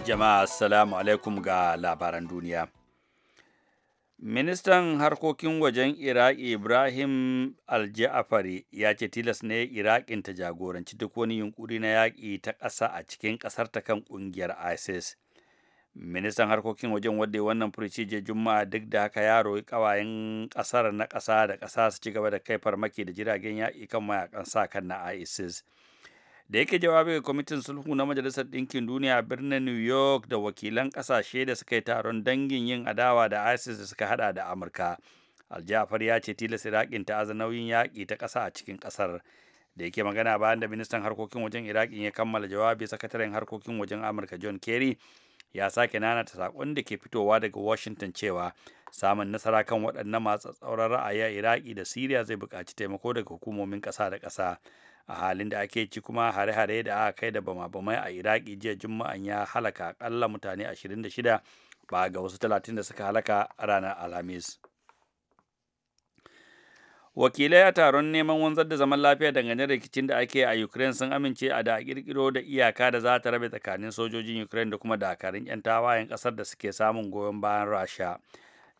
Jama'a assalamu alaikum ga labaran duniya. Ministan harkokin wajen Iraki Ibrahim Alja'afari ya ce tilas ne Irakin ta jagoranci duk wani yunkuri na yaƙi ta ƙasa a cikin ƙasar ta kan ƙungiyar ISIS. Ministan harkokin wajen wadda wannan furici je Juma'a duk da haka ya roƙi ƙawayen ƙasar na ƙasa da ƙasa su ci gaba da kai farmaki da jiragen yaƙi kan mayakan sa kan na ISIS. da yake jawabi ga kwamitin sulhu na majalisar ɗinkin duniya a birnin new york da wakilan ƙasashe da suka yi taron dangin yin adawa da isis da suka hada da amurka aljafar ya ce tilas iraƙin ta aza nauyin yaƙi ta ƙasa a cikin ƙasar da yake magana bayan da ministan harkokin wajen iraƙin ya kammala jawabi sakataren harkokin wajen amurka john kerry ya sake nana ta saƙon da ke fitowa daga washington cewa samun nasara kan waɗannan masu tsauran ra'ayi a iraki da siriya zai buƙaci taimako daga hukumomin ƙasa da ƙasa a halin da ake ci kuma hare-hare da aka kai da bama-bamai a iraki jiya juma'an ya halaka akalla mutane 26 ba ga wasu 30 da suka halaka ranar alhamis wakilai a taron neman wanzar da zaman lafiya dangane da rikicin da ake a ukraine sun amince a da kirkiro da iyaka da za ta rabe tsakanin sojojin ukraine da kuma dakarun 'yan tawayen kasar da suke samun goyon bayan rasha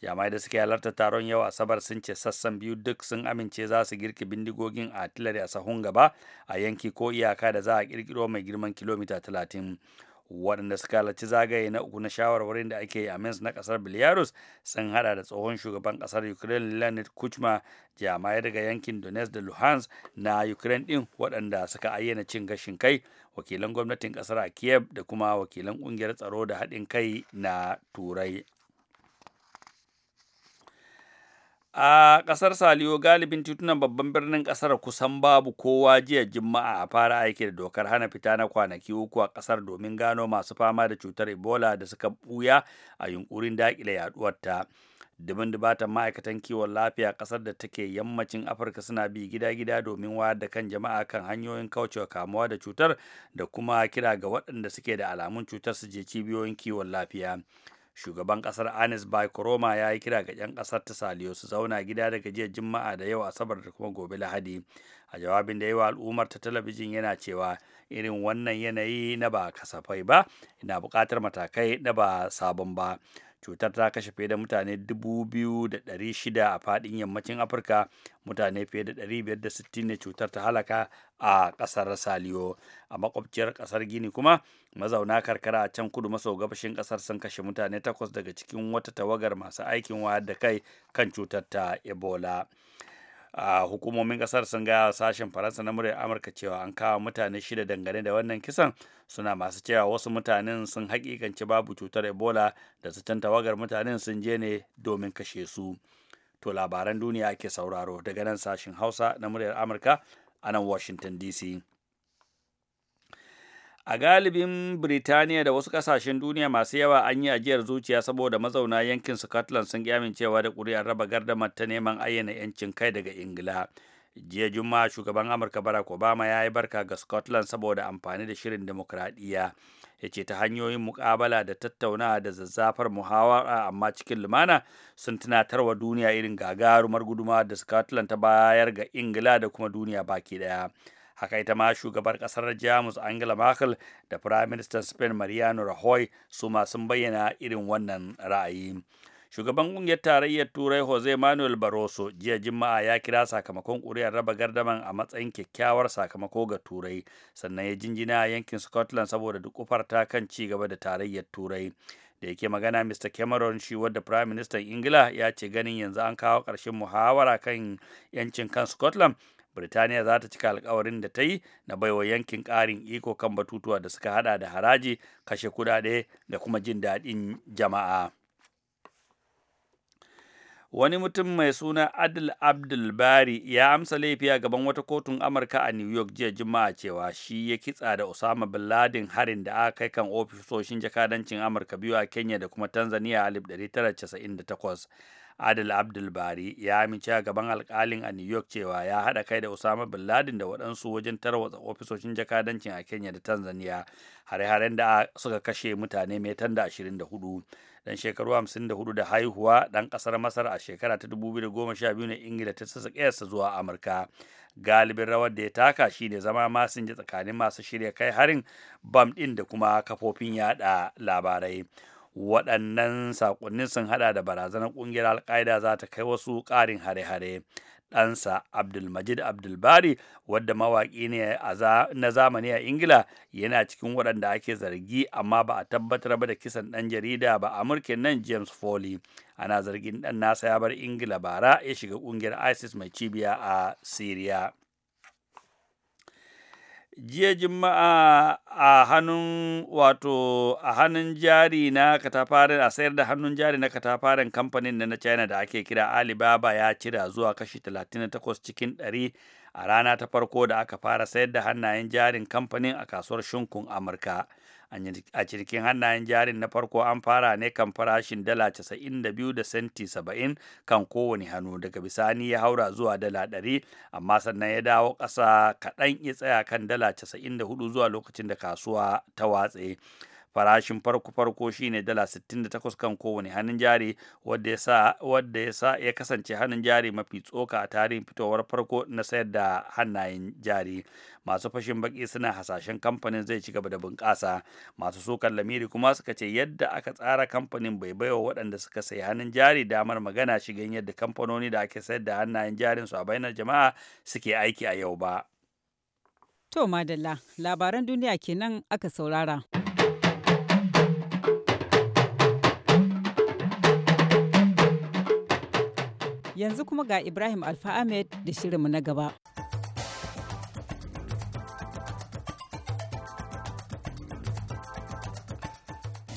jamai da suke halarta taron yau asabar sun ce sassan biyu duk sun amince za su girki bindigogin a artillery a sahun gaba a yanki ko iyaka da za a kirkiro mai girman kilomita talatin waɗanda suka halarci zagaye na uku na shawarwarin da ake yi a Minsk na ƙasar Belarus sun hada da tsohon shugaban ƙasar Ukraine Leonid Kuchma jami'ai daga yankin Donetsk da Luhansk na Ukraine ɗin waɗanda suka ayyana cin gashin kai wakilan gwamnatin ƙasar a Kiev da kuma wakilan ƙungiyar tsaro da haɗin kai na Turai a ƙasar saliyo galibin titunan babban birnin ƙasar kusan babu kowa jiya juma'a a fara aiki da dokar hana fita na kwanaki uku a ƙasar domin gano masu fama da cutar ebola da suka buya a yunkurin daƙile yaduwarta dubin dubatan ma'aikatan kiwon lafiya ƙasar da take yammacin afirka suna bi gida-gida domin wayar da kan jama'a kan hanyoyin kaucewa kamuwa da cutar da kuma kira ga waɗanda suke da alamun cutar su je cibiyoyin kiwon lafiya shugaban kasar anis bai koroma ya yi kira ga 'yan kasar ta saliyo su zauna gida daga jiya juma'a da yau asabar da kuma gobe lahadi a jawabin da yawa al'ummar ta talabijin yana cewa irin wannan yanayi na ba kasafai ba na bukatar matakai na ba sabon ba cutar ta kashe fiye da mutane 2,600 a fadin yammacin afirka mutane fiye da 560 ne cutar ta halaka a kasar saliyo a makwabciyar kasar gini kuma mazauna karkara a can kudu maso gabashin kasar sun kashe mutane takwas daga cikin wata tawagar masu aikin wayar da kai kan cutar ta ebola a hukumomin kasar sun gaya sashen faransa na muryar amurka cewa an kawo mutane shida dangane da wannan kisan suna masu cewa wasu mutanen sun hakikanci babu cutar ebola da su tawagar mutanen sun je ne domin kashe su to labaran duniya ke sauraro daga nan sashen hausa na muryar amurka a nan washington dc a galibin Birtaniya da wasu kasashen duniya masu yawa an yi ajiyar zuciya saboda mazauna yankin Scotland sun amincewa da ƙuri'ar raba gardamar ta neman ayyana 'yancin kai daga Ingila. Jiya Juma'a shugaban Amurka Barack Obama ya yi barka ga Scotland saboda amfani da shirin demokradiyya. Ya ce ta hanyoyin mukabala da tattaunawa da zazzafar muhawara amma cikin lumana sun tunatarwa duniya irin gagarumar guduma da Scotland ta bayar ga Ingila da kuma duniya baki ɗaya. haka ita ma shugabar kasar jamus angela merkel da prime minister spain mariano rajoy su ma bayyana irin wannan ra'ayi shugaban kungiyar tarayyar turai jose manuel barroso jiya juma'a ya kira sakamakon kuri'ar raba gardaman a matsayin kyakkyawar sakamako ga turai sannan ya jinjina a yankin scotland saboda duk kufar ta kan ci gaba da tarayyar turai da yake magana mr cameron shi wadda prime minister ingila ya ce ganin yanzu an kawo ƙarshen muhawara kan yancin kan scotland Birtaniya za ta cika alkawarin da ta yi na baiwa yankin ƙarin iko kan batutuwa da suka hada da haraji, kashe kudade da kuma jin daɗin jama'a. Wani mutum mai suna Adil Abdul Bari ya amsa laifi a gaban wata kotun Amurka a New York jiya Juma'a cewa shi ya kitsa da Osama bin Laden harin da aka kai kan ofisoshin jakadancin Amurka biyu a Kenya da kuma Tanzania a 1998. Adil abdulbari ya amince a gaban alkalin a New York cewa ya haɗa kai da Osama bin Laden da waɗansu wajen tarwatsa ofisoshin jakadancin a Kenya da Tanzania hare-haren da suka kashe mutane mai tanda 24. Dan shekaru 54 da haihuwa ɗan ƙasar Masar a shekara ta 2012 na Ingila ta sassa zuwa Amurka. Galibin rawar da ya taka shi ne zama masinja tsakanin masu shirya kai harin bam ɗin da kuma kafofin yaɗa labarai. waɗannan saƙonnin sun hada da barazanar ƙungiyar alƙa'ida za ta kai wasu ƙarin hare-hare ɗansa abdulmajid abdulbari wadda mawaƙi ne na zamani a ingila yana cikin waɗanda ake zargi amma ba a tabbatar ba da kisan ɗan jarida ba a amurken nan james foley ana zargin ɗan nasa ya bar ingila bara ya shiga ƙungiyar isis mai cibiya a syria jiya juma'a a hannun wato a hannun jari na katafaren a sayar da hannun jari na katafaren kamfanin na china da ake kira alibaba ya cira zuwa kashi 38 cikin 100 a rana ta farko da aka fara sayar da hannayen jarin kamfanin a kasuwar shinkun amurka a cirkin hannayen jarin na farko an fara ne kan farashin dala 92 da senti 70 kan kowane hannu daga bisani ya haura zuwa dala ɗari amma sannan ya dawo ƙasa kaɗan ya tsaya kan dala 94 zuwa lokacin da kasuwa ta watse farashin farko-farko shine dala 68 kan kowane hannun jari wadda ya sa ya kasance hannun jari mafi tsoka a tarihin fitowar farko na sayar da hannayen jari masu fashin baki suna hasashen kamfanin zai ci gaba da bunƙasa masu sukan lamiri kuma suka ce yadda aka tsara kamfanin bai baiwa waɗanda suka sayi hannun jari damar magana shigan yadda kamfanoni da ake sayar da hannayen jarin su a bainar jama'a suke aiki a yau ba. To Madalla, labaran duniya kenan aka saurara. Yanzu kuma ga Ibrahim Alfa Ahmed da shirinmu na gaba.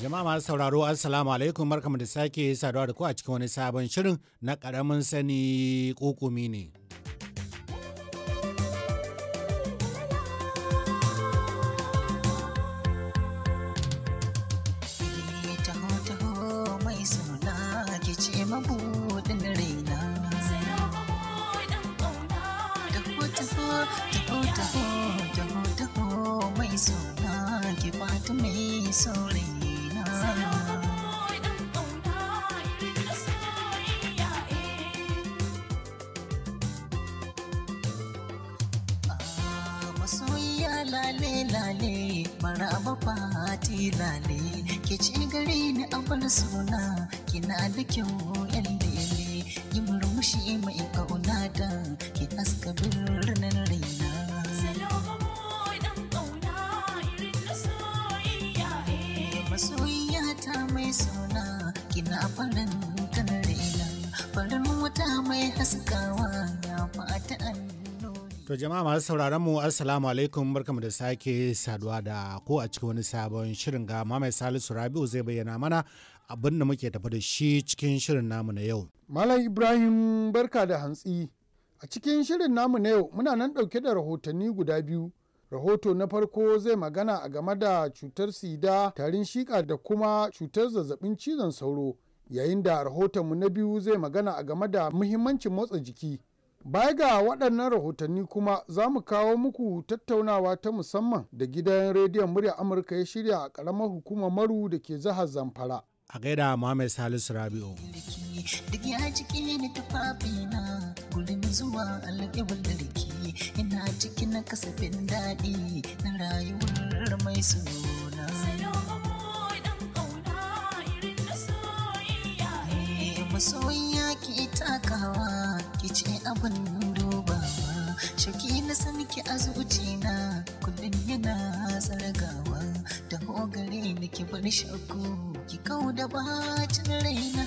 Jama'a masu sauraro Assalamu alaikum barkamu da sake saduwa da ku a cikin wani sabon shirin na ƙaramin sani kokumi ne. ke ci gari ni abar suna kina da kyau yan lele yi murmushi mai kauna da ke haska birnin raina eh. masoyiya ta mai suna kina farin kan raina farin wata mai haskawa ya fata an To jama'a masu sauraron mu assalamu alaikum barkamu da sake saduwa da ko a cikin wani sabon shirin ga Mamai Salisu Rabi'u zai bayyana mana abin da muke tafi da shi cikin shirin namu na yau. Malam Ibrahim barka da hantsi. A cikin shirin namu na yau muna nan ɗauke da rahotanni guda biyu. Rahoto na farko zai magana a game da cutar sida, tarin shika da kuma cutar zazzabin cizon sauro. Yayin da rahotonmu na biyu zai magana a game da muhimmancin motsa jiki. Baya ga waɗannan rahotanni kuma za mu kawo muku tattaunawa ta musamman da gidan rediyon murya Amurka ya shirya a ƙaramar hukumar Maru da ke jihar Zamfara. A gaida Muhammad Salisu Rabi'u. Duk ya jiki ni tufafina gurin zuwa alƙibar da ina cikin na kasafin daɗi na rayuwar mai suna. Eh, Masoyin takawa ki ce abin dubawa shaki na sanki a zucina kullum yana zargawa da hogare na ki bar shakku ki kau da bacin raina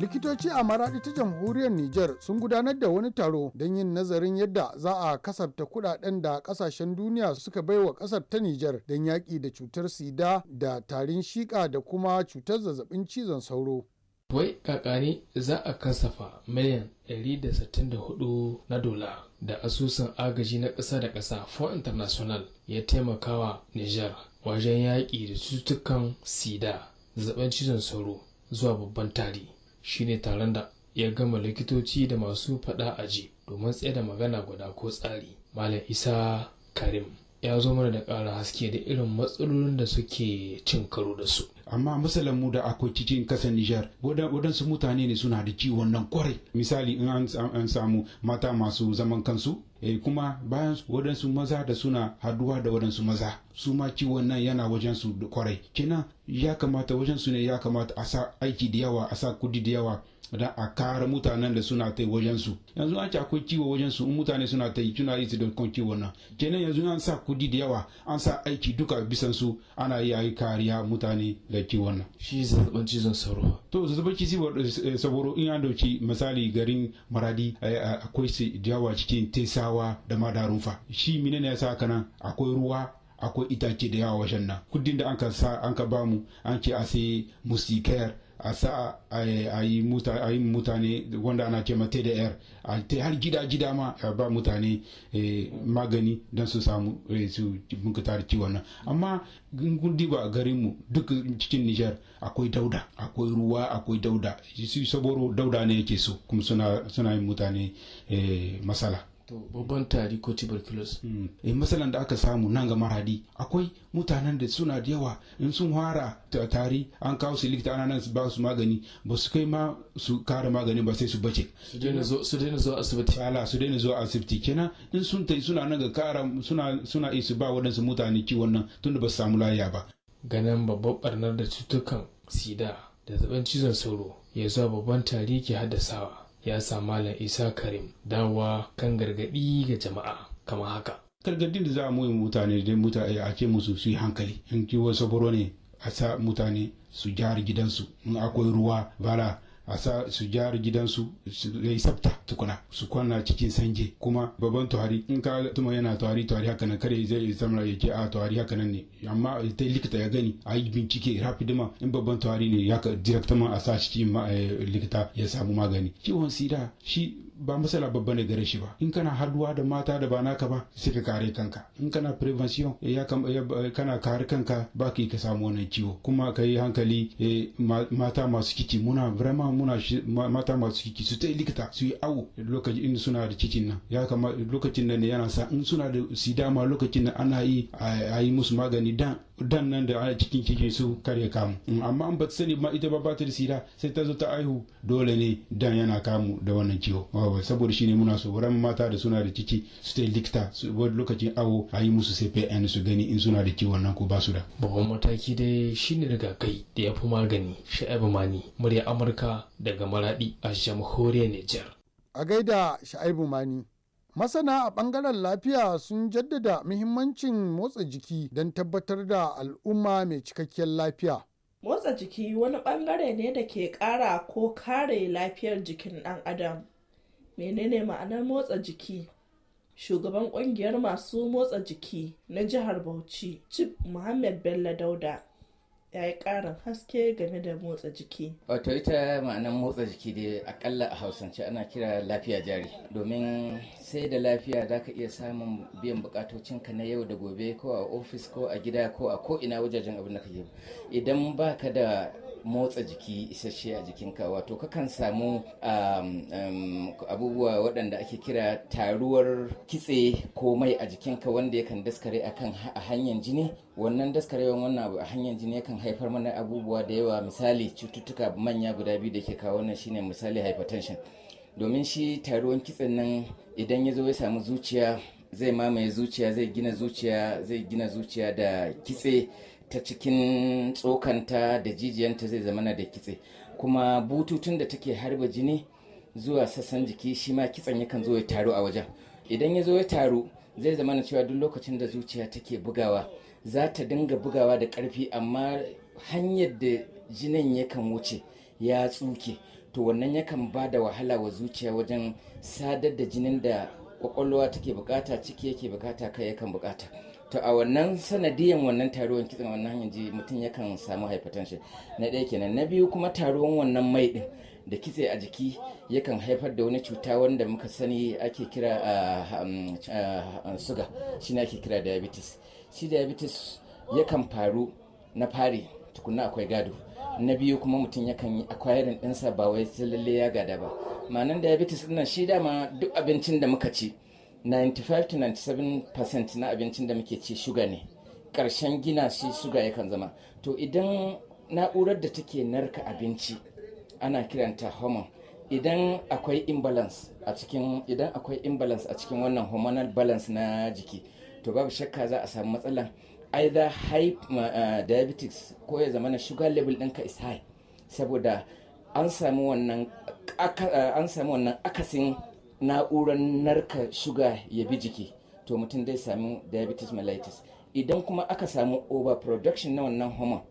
likitoci a maraɗi ta jamhuriyar niger sun gudanar da wani taro don yin nazarin yadda za a kasafta kuɗaɗen da ƙasashen duniya suka bai wa ƙasar ta niger don yaƙi da cutar sida da tarin shiƙa da kuma cutar zazzabin cizon sauro wai kakani za a kasafa miliyan 164 na dola da asusun agaji na ƙasa da ƙasa for international ya taimakawa niger wajen yaƙi da cututtukan sida zazzabin cizon sauro zuwa babban tari shine taron da ya gama likitoci da masu faɗa aji domin tsaye da magana guda ko tsari malam isa karim ya zo mana da ƙara haske da irin matsalolin da suke cin karo da su. amma masalan mu da akwai cikin kasar Nijar waɗansu mutane ne suna da ciwon nan kwarai misali in an samu mata masu zaman kansu e kuma bayan waɗansu maza da suna haduwa da waɗansu maza su ma ciwon nan yana wajen su kwarai kenan ya kamata wajen su ne ya kamata a sa aiki da yawa a sa kudi da yawa da a kare mutanen da suna ta wajen su yanzu an ci akwai kiwo wajen su mutane suna ta yi suna yi su da kan kiwon nan kenan yanzu an sa kudi da yawa an sa aiki duka bisan su ana yi ayi kariya mutane da kiwon nan shi zazzaɓin cizon sauro to zazzaɓin cizon eh, sauro in an dauki misali garin maradi eh, akwai su yawa cikin tesawa da madarunfa shi menene ya sa kana akwai ruwa akwai itace da yawa wajen nan kudin da an ka ba mu an ce a sai musikayar a sa a yi mutane wanda ana cema tdr a har gida-gida ma a ba mutane eh, magani don su samu eh, su da ciwon nan amma gungundi ba garin mu duk cikin nijar akwai dauda akwai ruwa akwai dauda su saboro dauda ne yake so kuma suna yin mutane eh, masala babban tari ko tuberculosis hmm. eh, matsalan da aka samu nan ga maradi akwai mutanen da suna da yawa in sun fara tari an kawo su likita ana nan ba su magani ba su kai ma su kara magani ba sai su bace su daina zuwa asibiti ala su daina zuwa asibiti kenan in sun tai suna nan ga kara suna suna isu ba waɗansu mutane kiwon nan tunda ba su samu lafiya ba ganin babban barnar da cutukan sida da zaben cizon sauro ya zuwa babban tari ke haddasawa ya sa Malam Isa Karim dawa kan gargaɗi ga jama'a kama haka. Gargaɗin da za a muyi mutane da mutane a ce musu su yi hankali in kiwon saboro ne a sa mutane su gyara gidansu in akwai ruwa bala. a sa su gyara gidansu su yi sabta tukuna su kwana cikin sanje kuma babban tuhari in ka tuma yana tuhari tuhari haka nan kare zai zama ya ke a tuhari haka nan ne amma ta likita ya gani a yi bincike rapid in babban tuhari ne ya ka a sa cikin eh, likita ya samu magani ciwon sida shi ba matsala babba ne gare shi ba in kana haduwa da mata da ba naka ba sai ka kare kanka in kana prevention eh, ya eh, kana kare kanka ba ka ka samu wannan ciwo kuma ka yi hankali eh, mata masu kici muna vrema muna mata masu kici su ta likita su yi awo lokacin in suna da cikin nan ya kama lokacin nan ne yana sa in suna da sidama lokacin nan ana yi a yi musu magani dan dan nan da a cikin kike su kare kamu mm, amma an ba sani ma ita ba ba ta da sira sai ta zo ta aihu dole ne dan yana kamu da wannan ciwo saboda shine muna so ran mata da suna da ciki su ta likita su wani lokacin awo a yi musu cpn su gani in suna da ciwon nan ko ba su da babban mataki dai shine kai da ya fi magani sha'ibu mani murya amurka daga maradi a jamhuriyar niger a gaida sha'ibu mani Masana a ɓangaren lafiya sun jaddada muhimmancin motsa jiki don tabbatar da al'umma mai cikakkiyar lafiya. Motsa jiki wani ɓangare ne da ke ƙara ko kare lafiyar jikin ɗan adam. Menene ma'anar motsa jiki? Shugaban ƙungiyar masu motsa jiki na jihar Bauchi, chip Muhammad Bello Dauda, ya yi ƙarin haske game da motsa jiki. Wato ita ma'anar motsa jiki dai akalla a hausance ana kira lafiya jari domin sai da lafiya za ka iya samun biyan bukatocinka na yau da gobe ko a ofis ko a gida ko a ko ina wajajen abin da kake idan ba ka da motsa jiki isasshe a jikinka wato kakan samu um, um, abubuwa waɗanda ake kira taruwar kitse ko mai a jikinka wanda ya kan daskare a a hanyar jini wannan daskarewan wannan a hanyar jini yakan haifar mana abubuwa da yawa misali cututtuka manya guda biyu da ke kawo wannan shine misali hypertension domin shi taruwan kitsen nan idan ya zo ya samu zuciya zai mamaye zuciya zai gina zuciya zai gina zuciya da kitse ta cikin tsokanta da jijiyanta zai zama na da kitse kuma bututun da take harba jini zuwa sassan jiki shi ma kitsen yakan zo ya taru a wajen idan ya zo ya taru zai zama na cewa duk lokacin da zuciya take bugawa za ta dinga bugawa da ƙarfi amma hanyar da jinin yakan wuce ya tsuke to wannan yakan ba da wahala wa zuciya wajen sadar da jinin da kwakwalwa take bukata ciki yake bukata kai yakan bukata to a wannan sanadiyan wannan taruwan kitsen wannan hanyar ji mutum yakan samu hypertension na ɗaya kenan na biyu kuma taruwan wannan mai ɗin da kitse a jiki yakan haifar da wani cuta wanda muka sani ake kira suga shi ake kira diabetes shi diabetes yakan faru na fari tukuna akwai gado na biyu kuma mutum yakan yi akwayarin ɗinsa ba wai lalle ya gada ba ma'anan diabetes ɗin shi dama duk abincin da muka ci 95-97% na abincin da muke ci shuga ne ƙarshen gina shi shuga yakan zama to idan na'urar da take narka abinci ana kiranta hormone idan akwai imbalance a cikin idan akwai imbalance a cikin wannan hormonal balance na jiki to babu shakka za a samu matsala either high uh, eh, diabetes ko ya zama na sugar level ɗinka is high saboda an samu wannan eh, akasin na'urar narka shuga ya bi jiki to mutum zai samu diabetes mellitus idan kuma aka samu overproduction na wannan hormone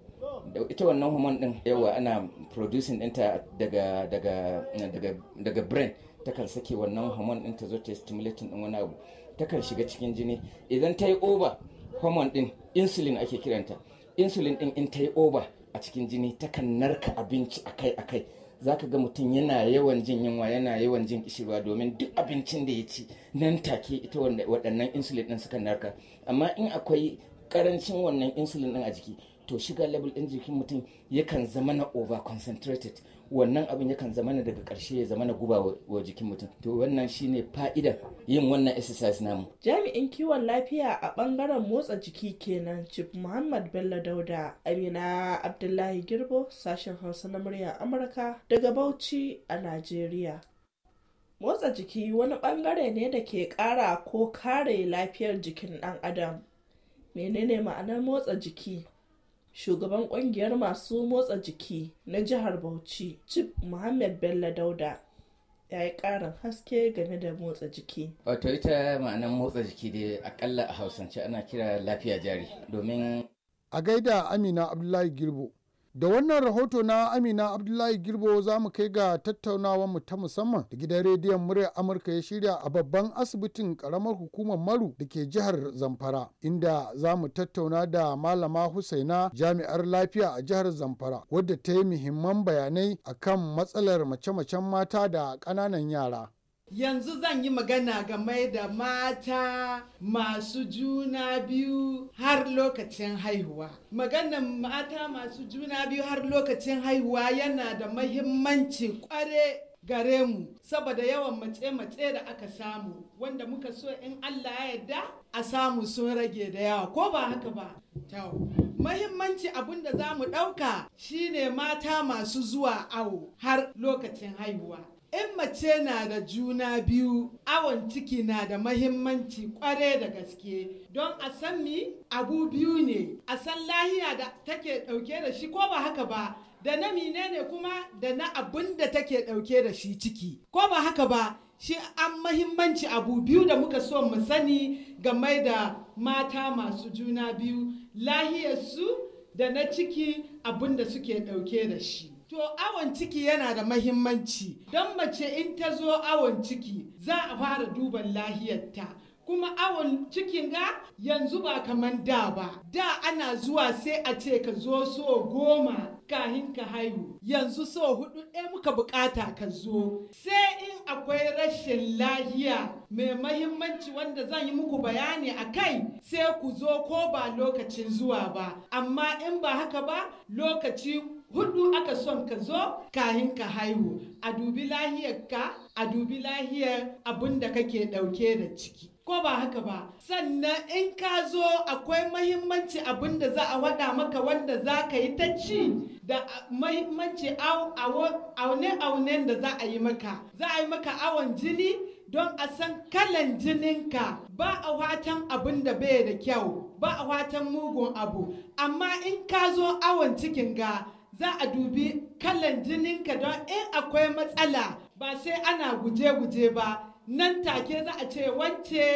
da ita wannan hormone din yawa ana producing ɗinta daga daga daga daga brain takan sake wannan hormone ɗin ta zo ta stimulating ɗin wani abu takan shiga cikin jini idan ta yi over hormone ɗin insulin ake kiranta insulin ɗin in ta yi over a cikin jini takan narka abinci akai-akai za ka ga mutum yana yawan jin yunwa yana yawan jin kishirwa domin duk abincin da ya ci nan take ita waɗannan insulin ɗin suka narka amma in akwai ƙarancin wannan insulin ɗin a jiki to shiga level ɗin jikin mutum yakan zama na over concentrated wannan abin yakan zama na daga ƙarshe ya zama na guba wa jikin mutum to wannan shine fa'idan yin wannan exercise namu jami'in kiwon lafiya a bangaren motsa jiki kenan chief muhammad bello dauda amina abdullahi girbo sashen hausa na muryar amurka daga bauchi a najeriya motsa jiki wani ɓangare ne da ke kara ko kare lafiyar jikin ɗan adam menene ma'anar motsa jiki shugaban kungiyar masu motsa jiki na jihar bauchi chief muhammad bello dauda ya yi karin haske game da motsa jiki wato ita ma'anar motsa jiki da akalla a hausance ana kira lafiya jari domin a gaida amina abdullahi girbo Da wannan rahoto na Amina Abdullahi Girbo za mu kai ga tattaunawar mu ta musamman da gidan rediyon muryar Amurka ya shirya a babban asibitin karamar hukumar Maru da ke jihar Zamfara inda za mu tattauna da malama Husaina jami'ar lafiya a jihar Zamfara wadda ta yi muhimman bayanai akan matsalar mace-macen mata da ƙananan yara. Yanzu zan yi magana game da mata masu juna biyu har lokacin haihuwa. Maganan mata masu juna biyu har lokacin haihuwa yana da mahimmanci kware gare mu saboda yawan mace-mace da aka samu wanda muka so in Allah ya yarda a samu sun rage da yawa ko ba haka ba. Mahimmanci abin da za mu ɗauka shine mata masu zuwa awo har lokacin haihuwa. in mace na da juna biyu awon ciki na da mahimmanci kware da gaske don a san mi abu biyu ne a san lahiya da take dauke da shi ko ba haka ba da na ne kuma da na abun da take dauke da shi ciki ko ba haka ba shi an mahimmanci abu biyu da muka so mu sani game da mata masu juna biyu su da na ciki abun da suke dauke da shi To awon ciki yana da mahimmanci don mace in ta zo awon ciki za a fara duban lahiyarta. kuma awon cikin ga yanzu ba kaman da ba da ana zuwa sai a ce ka zo so goma kahin ka haihu yanzu so hudu ɗaya muka bukata ka zo sai in akwai rashin lahiya mai mahimmanci wanda zan yi muku bayani a kai sai ku zo ko ba lokacin zuwa ba amma in ba haka ba lokaci hudu aka son ka zo kahin ka haihu a dubi lahiyar ka a dubi lahiyar abin da kake dauke da ciki ko ba haka ba sannan in ka zo akwai mahimmanci abin da za a wada maka wanda za ka yi ta ci da mahimmanci aune-aunen da za a yi maka za a yi maka awon jini don a san kalan jininka ba a watan abin da bai da kyau ba a watan mugun abu amma in ka zo awon cikin ga za a dubi kalan jinin ka don in akwai matsala ba sai ana guje-guje ba nan take za a ce wance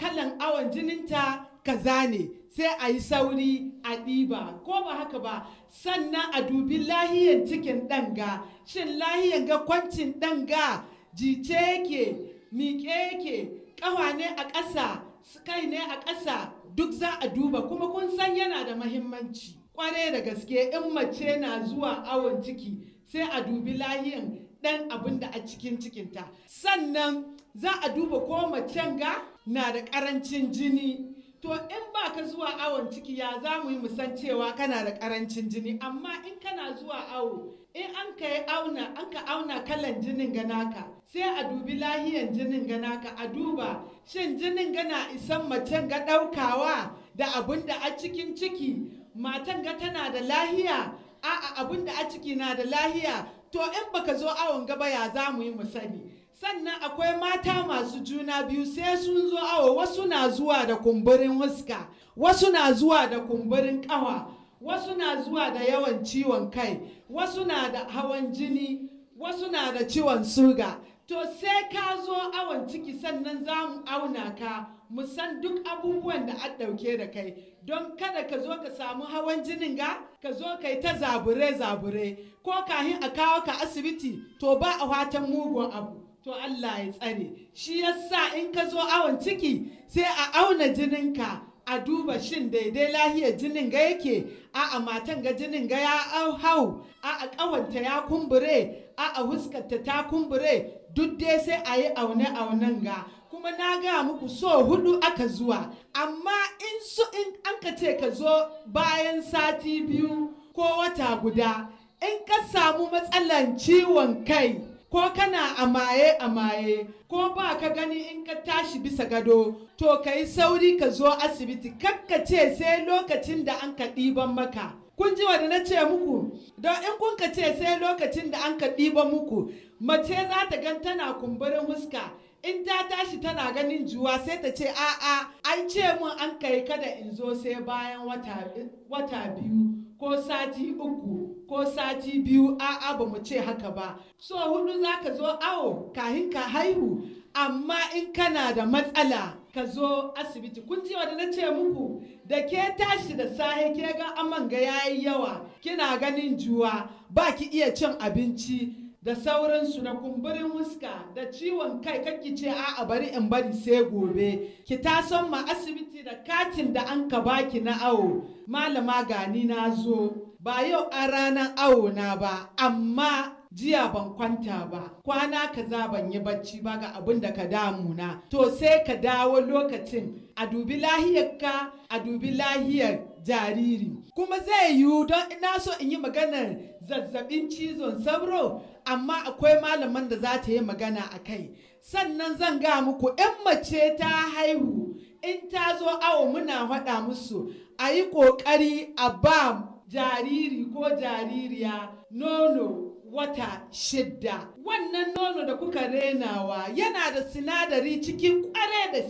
kalan awon jininta kaza ne sai a yi sauri a ɗiba ko ba haka ba sannan a dubi lahiyan cikin ɗanga shin lahiyan ga kwancin ɗanga jice yake miƙe yake ƙawa ne a ƙasa kai ne a ƙasa duk za a duba kuma kun san yana da mahimmanci kware da gaske in mace na zuwa awon ciki sai a dubi lahiyan ɗan abin da a cikin cikinta sannan za a duba ko macen ga na da karancin jini to in ba ka zuwa awon ciki ya za mu yi san cewa kana da karancin jini amma in kana zuwa awo in an ka auna an ka auna kalan jinin ganaka sai a dubi lahiyan jinin ganaka a duba shin jinin gana isan macen ga ɗaukawa da abin da a cikin ciki matan ga tana da lahiya a'a abin da a ciki na da lahiya to in baka zo awon gaba ya za mu yi mu sannan akwai mata masu juna biyu sai sun zo awo wasu na zuwa da kumburin huska wasu na zuwa da kumburin kawa wasu na zuwa da yawan ciwon kai wasu na da hawan jini wasu na da ciwon suga to sai ka zo awon ciki sannan za mu auna ka mu san duk abubuwan da an ɗauke da kai don kada ka zo ka samu hawan jinin ga ka zo kai ta zabure-zabure ko ka kahin a kawo ka asibiti to ba a watan mugun abu to Allah ya tsare shi yasa in ka zo awon ciki sai a auna jininka a duba shin daidai lahiyar jinin ga yake a a matan ga jinin ga ya hau a a kawanta ya kumbure a a huskarta ta kumbure duk dai sai a yi aune aunen ga kuma na ga muku so hudu aka zuwa amma in su in an ka ce ka zo bayan sati biyu ko wata guda in ka samu matsalan ciwon kai ko kana a maye a maye ko ba ka gani in ka tashi bisa gado to ka yi sauri ka zo asibiti kakka ce sai lokacin da an ka ɗiban maka kun ji wani na ce muku don in kun ka ce sai lokacin da an ka ɗiban muku mace za ta gan tana kumburin huska in ta tashi tana ganin juwa sai ta ce a'a an ce mun an kai kada in zo sai bayan wata biyu ko sati uku ko sati biyu a'a ba mu ce haka ba so hudu za ka zo awo kahin ka haihu amma in kana da matsala ka zo asibiti kun ji wanda na ce muku da ke tashi da sahe ke ga amanga ga yayi yawa kina ganin juwa ba ki iya cin abinci da sauransu da kumburin huska da ciwon kai kake ce a'a bari in bari sai gobe ki ta son ma asibiti da katin da an ka baki na awo malama gani na zo ba yau a ranar awo na ba amma jiya ban kwanta ba kwana kaza ban yi bacci ba ga abin da ka damu na. to sai ka dawo lokacin a dubi lahiyar ka a dubi lahiyar jariri kuma zai yiwu don ina so in yi maganar zazzabin cizon sauro amma akwai malaman da za ta yi magana a kai sannan zan ga muku in mace ta haihu in ta zo awo muna faɗa musu a yi ƙoƙari a ba jariri ko jaririya nono wata shidda wannan nono da kuka renawa yana da sinadari cikin kware da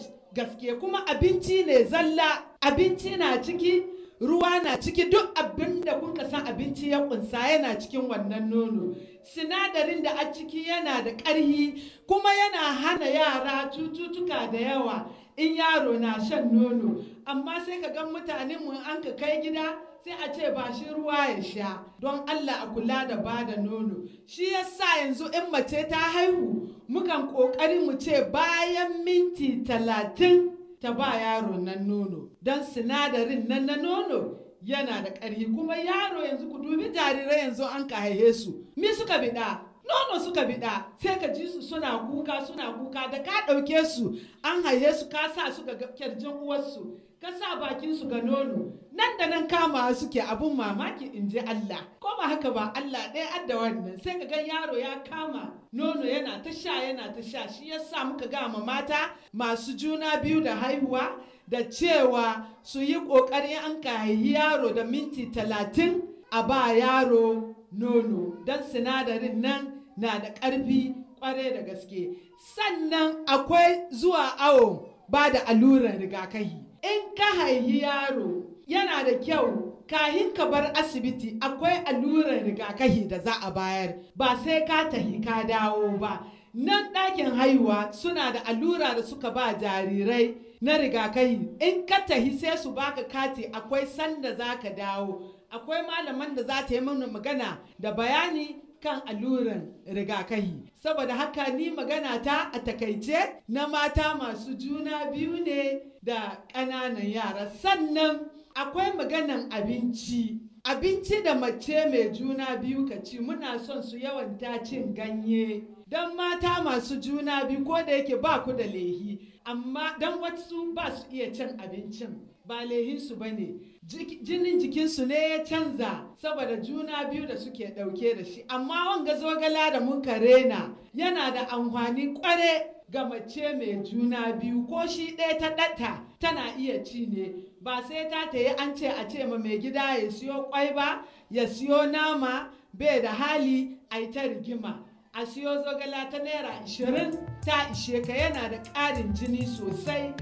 gaske kuma abinci ne zalla abinci na ciki ruwa na ciki duk abin da kuka san abinci ya kunsa yana cikin wannan nono sinadarin da a ciki yana da ƙarhi kuma yana hana yara cututtuka da yawa in yaro na shan nono amma sai ka ga mutanen mu an ka kai gida sai a ce ba shi ruwa ya sha don Allah a kula da ba da nono shi yasa yanzu in mace ta haihu mukan ƙoƙari mu ce bayan minti talatin ta ba yaro nan nono don sinadarin nan na nono yana da ƙarfi kuma yaro yanzu ku dubi jarirai yanzu an ka haihe su mi suka biɗa nono suka biɗa sai ka ji su suna kuka suna kuka da ka ɗauke su an haihe su ka sa su ga kirjin uwarsu ka sa bakin su ga nono nan da nan kama suke abun mamaki in ji Allah ko ba haka ba Allah ɗaya adda wannan sai ka ga yaro ya kama nono yana ta sha yana ta sha shi ya sa muka ga ma mata masu juna biyu da haihuwa da cewa su yi ƙoƙarin an kayi yaro da minti talatin a ba yaro nono don sinadarin nan na da ƙarfi ƙwarai da gaske sannan akwai zuwa awo ba da allurar rigakafi in ka haihi yaro yana da kyau kahin ka bar asibiti akwai allurar rigakafi da za a bayar ba sai ka tahi ka dawo ba nan ɗakin haihuwa suna da allura da suka ba jarirai na rigakafi in ka tahi sai su baka kati akwai sanda za ka dawo akwai malaman da za ta yi mana magana da bayani kan alluran rigakafi saboda haka ni magana ta a takaice na mata masu juna biyu ne da ƙananan yara sannan akwai maganan abinci abinci da mace mai juna biyu ka ci muna son su yawan cin ganye don mata masu juna biyu ko da yake ba ku da lehi amma don wasu ba su iya cin abincin ba lehinsu ba ne jinin jikinsu ne ya canza saboda juna biyu da suke ɗauke da shi amma wanga zogala da muka rena yana da amfani kware ga mace mai juna biyu ko shi ɗaya ta ɗata tana iya ci ne ba sai ta ta yi an ce a ce ma mai gida ya siyo kwai ba ya siyo nama bai da hali a yi ta rigima a siyo zogala ta naira ashirin ta ishe ka yana da ƙarin jini sosai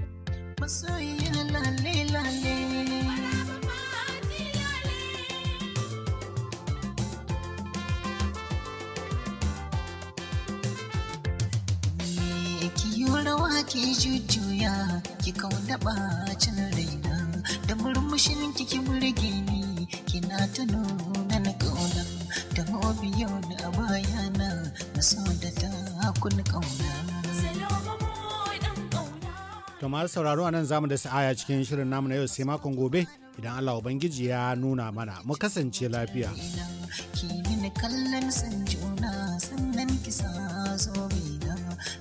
masoyin lalle lalle ki jujjuya ki kauna bacin raina da murmushin ki murge ni kina tuno na na kauna da mabiyo na bayana so da ta kun kauna To masu sauraro a nan zamu da sa'aya cikin shirin namu na yau sai makon gobe idan Allah Ubangiji ya nuna mana mu kasance lafiya. Ki kallon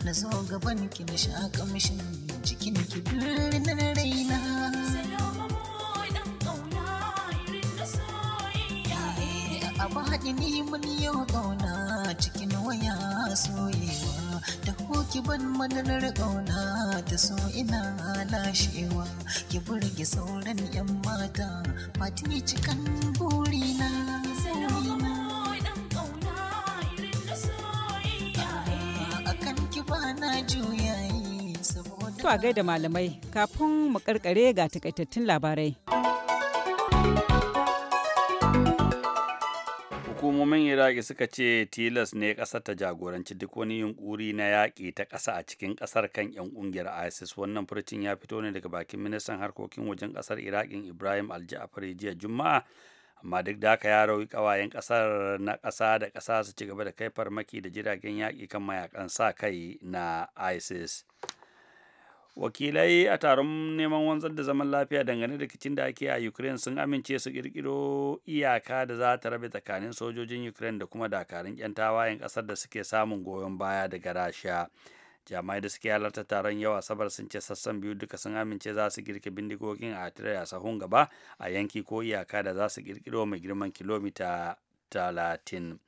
na zo gaban ki na sha kamshin jikin ki birnin raina a ni mun yau ƙauna cikin waya soyewa da ki ban madarar ƙauna ta so ina lashewa ki burge sauran 'yan mata mati cikin buri To gai da malamai kafin mu karkare ga takaitattun labarai. Hukumomin Iraki suka ce tilas ne ƙasar ta jagoranci duk wani yunkuri na yaƙi ta ƙasa a cikin ƙasar kan 'yan ƙungiyar ISIS. Wannan furcin ya fito ne daga bakin ministan harkokin wajen ƙasar Iraki Ibrahim Alja'afar jiya Juma'a. amma duk da haka ya rauyi ƙawayen ƙasar na ƙasa da ƙasa su ci gaba da kai farmaki da jiragen yaƙi kan mayakan sa kai na isis wakilai a taron neman wanzar da zaman lafiya dangane da rikicin da ake a ukraine sun amince su kirkiro iyaka da za ta rabe tsakanin sojojin ukraine da kuma dakarun 'yan tawayen kasar da suke samun goyon baya daga rasha jami'ai da suke halarta taron yawa asabar sun ce sassan biyu duka sun amince za su girke bindigogin a tirar sahun gaba a yanki ko iyaka da za su kirkiro mai girman kilomita talatin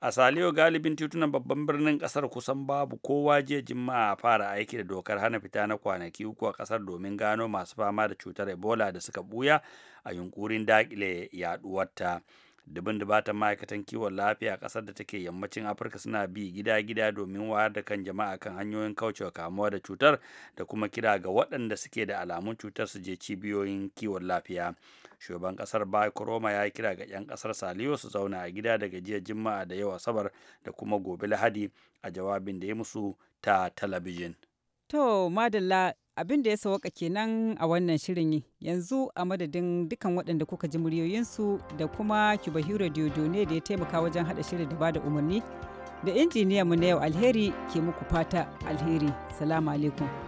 a saliyo galibin titunan babban birnin kasar kusan babu kowa jiya a fara aiki da dokar hana fita na kwanaki uku a kasar domin gano masu fama da cutar ebola da suka buya a yunkurin dakile yaduwarta. ta dubin dubatan ma'aikatan kiwon lafiya a ƙasar da take yammacin afirka suna bi gida-gida domin wayar da kan jama'a kan hanyoyin kaucewa kamuwa da cutar da kuma kira ga waɗanda suke da alamun cutar su je cibiyoyin kiwon lafiya shugaban kasar bai koroma ya kira ga 'yan kasar saliyo su zauna a gida daga jiya juma'a da yau asabar da kuma gobe lahadi a jawabin da ya musu ta talabijin To, madalla abin da ya sawaka kenan a wannan shirin yanzu a madadin dukan waɗanda kuka ji muryoyinsu da kuma Kibahiro Diodo ne da ya taimaka wajen haɗa shirin da ba da umarni da injiniyanmu na yau alheri ke muku fata alheri. Salamu alaikum.